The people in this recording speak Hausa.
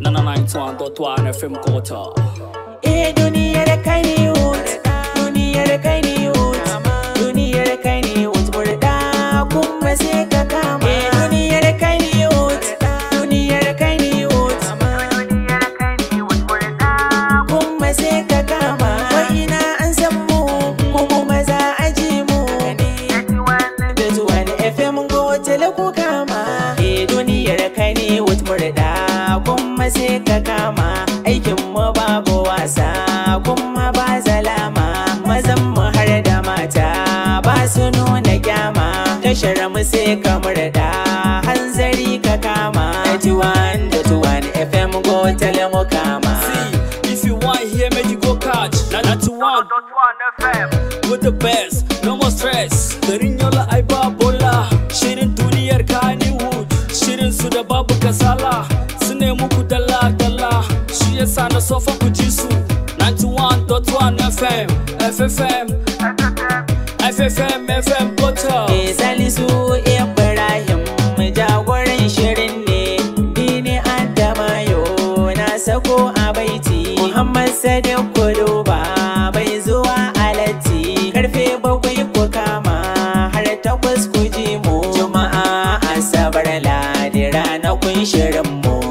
99.1 FM Kota. Hii dunia ta kama aikin mu babu wasa kuma ba zalama mazan mu har da mata ba su nuna gyama tashar mu sai ka da hanzari ka kama 91 da 21 FM go tele mu kama See, if you want hear make you go catch 91.1 FM with the best no more stress garin yola ai ba bola shirin duniyar kaniwood shirin su da babu kasala su ne muku dala yasa na sofa ku ji su 91.1 FM FFM FFM FM Portal Eh Salisu Ibrahim jagoran shirin ne ni Adamayo na sako a baiti Muhammad Sadiq Kuduba bai zuwa alati. karfe bakwai ko kama har takwas ku ji mu Juma'a Asabar Ladi ranakun shirin mu